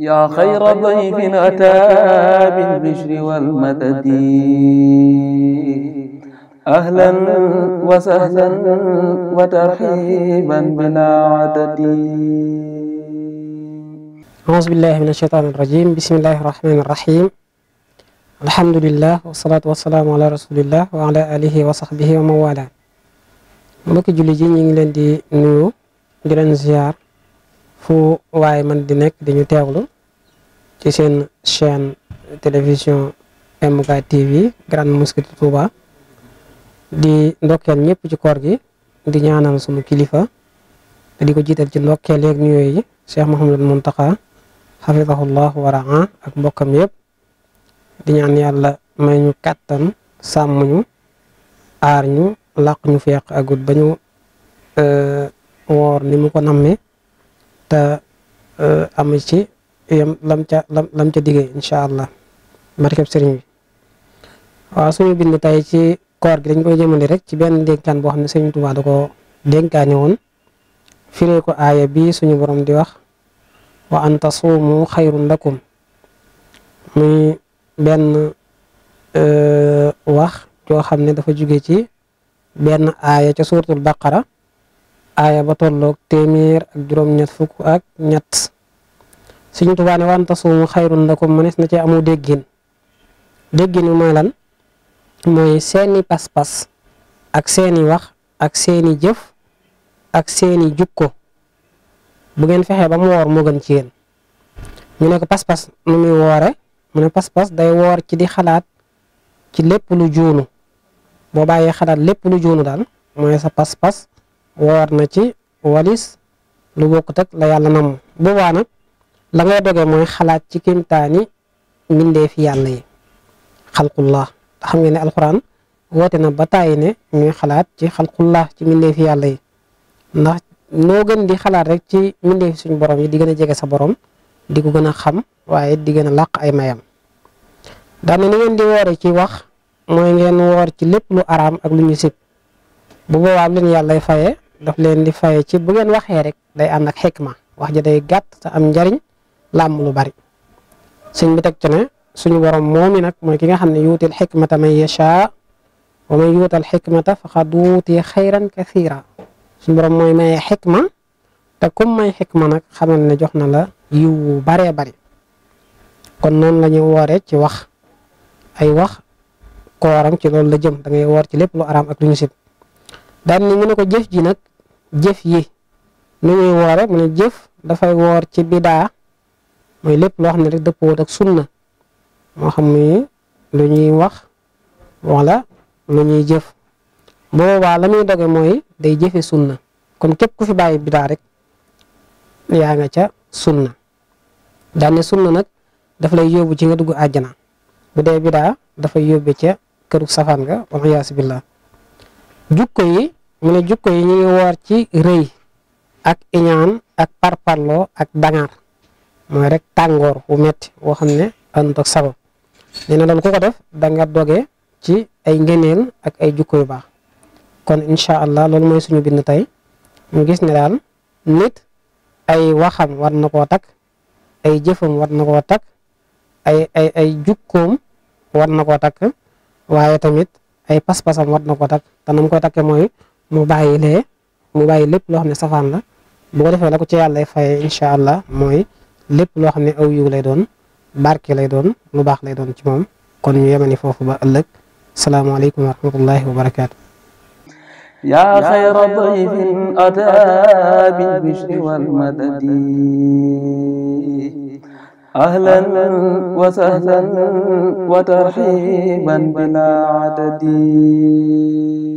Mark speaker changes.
Speaker 1: yaa xayra dayfin ataa bil bishri wal madadi ahlan wa sahlan wa tarhiiban bilaa adadi. auzu billaahi mina shaytaani rajiim bismillaahi rahmaani rahiim alhamdulilah wasalaatu wasalaamu ala ñu ngi leen di fu waaye man di nekk di ñu teewlu ci seen chaîne télévision MK TV Grande Mosquée de di ndokkeel ñëpp ci koor gi di ñaanal sunu kilifa te di ko jiital ci ndokkeel yeeg nuyoo yi Cheikh Mouhamadul Mountakha xafidahullah wa raa ak mbokkam yëpp di ñaan yàlla may ñu kàttan sàmm ñu aar ñu làq ñu feeq agut ba ñu euh, woor ni mu ko nammee te e, ci yam lam ca lam ca diggee incha allah barkeb sëriñ bi waaw suñu bind tey ci koor gi dañ koy jëmale rek ci benn dénkaan boo xam ne sëriñ Tuubaa da ko dénkaane woon firee ko aaya bi suñu borom di wax wa an tasuumu xayrun lakum muy benn e, wax joo xam ne dafa jóge ci benn aaya ca suuratul baqara aaya ba tolloog téeméer ak juróom-ñett fukk ak ñett suñ tubaa ne wanta suumu xayrun lakum manes na ci amu déggin déggin bi mooy lan mooy seeni pas-pas ak seeni wax ak seeni jëf ak seeni jukko bu ngeen fexee ba mu woor moo gën ci yéen ñu ne ko pas-pas nu muy woore mu ne pas-pas day woor ci di xalaat ci lépp lu juunu boo bàyyee xalaat lépp lu juunu daal mooy sa pas-pas woowaat na ci walis lu bokk ak la yàlla nam boobaa nag la nga doge mooy xalaat ci kéemtaani mbindeef yàlla yi xalqullah xam ngeen ne alxuraan woote na ba tàyyi ne ñuy xalaat ci xalqullah ci mbindeef yàlla yi ndax noo gën di xalaat rek ci mbindeef suñu borom yi di gën a jege sa borom di ko gën a xam waaye di gën a làq ay mayam daana ni ngeen di woore ci wax mooy ngeen woor ci lépp lu araam ak lu ñu sib bu boobaa leen yàllay faye daf leen di faye ci bu ngeen waxee rek day ànd ak xikma wax ja day gàtt sa am njariñ làmm lu bari sëñ bi teg ci ne suñu moo moomi nag mooy ki nga xam ne yuutil xikmata man yashaa wa man yuutal xikmata faqad wuuti xayran kathira suñu borom mooy maye xikma te kum may xikma nag xamal ne jox na la yiw wu baree bari kon noonu la ñuy wooree ci wax ay wax kooram ci loolu la jëm da ngay woor ci lépp lu araam ak lu sib daan ni mu ko jëf ji nag jëf yi nu ñuy woore mu ne jëf dafay woor ci bidaa mooy lépp loo xam ne rek dëppoo ak sunna moo xam muy lu ñuy wax wala lu ñuy jëf boobaa la muy doge mooy day jëfe sunna kon képp ku fi bàyyi bidaa rek yaa nga ca sunna daane sunna nag daf lay yóbbu ci nga dugg àjjana bu dee bidaa dafay yóbbe ca këru safaan nga wal iyaasu mu ne jukko yi ñu ngi woor ci rëy ak iñaan ak parparloo ak dangar mooy rek tàngoor wu metti woo xam ne ànd ak sabab nee loolu ku ko def da doge ci ay ngëneel ak ay jukko yu baax kon incha allah loolu mooy suñu bind tey ñu gis ne daal nit ay waxam war na koo takk ay jëfam war na koo takk ay ay ay jukkoom war na koo takk waaye tamit ay pas-pasam na koo takk te nam koy takke mooy mu bàyyi lee mu bàyyi lépp loo xam ne safaan la bu ko defee la ko ci yàlla fay incha allah mooy lépp loo xam ne aw yiw lay doon barke lay doon lu baax lay doon ci moom kon ñu foofu ba ëllëg salaamaaleykum wa rahmatullahi wa barakaatu. yaa xayra dayfin ataa bil bishri wal madadi wa sahlan wa tarhiiban bilaa adadi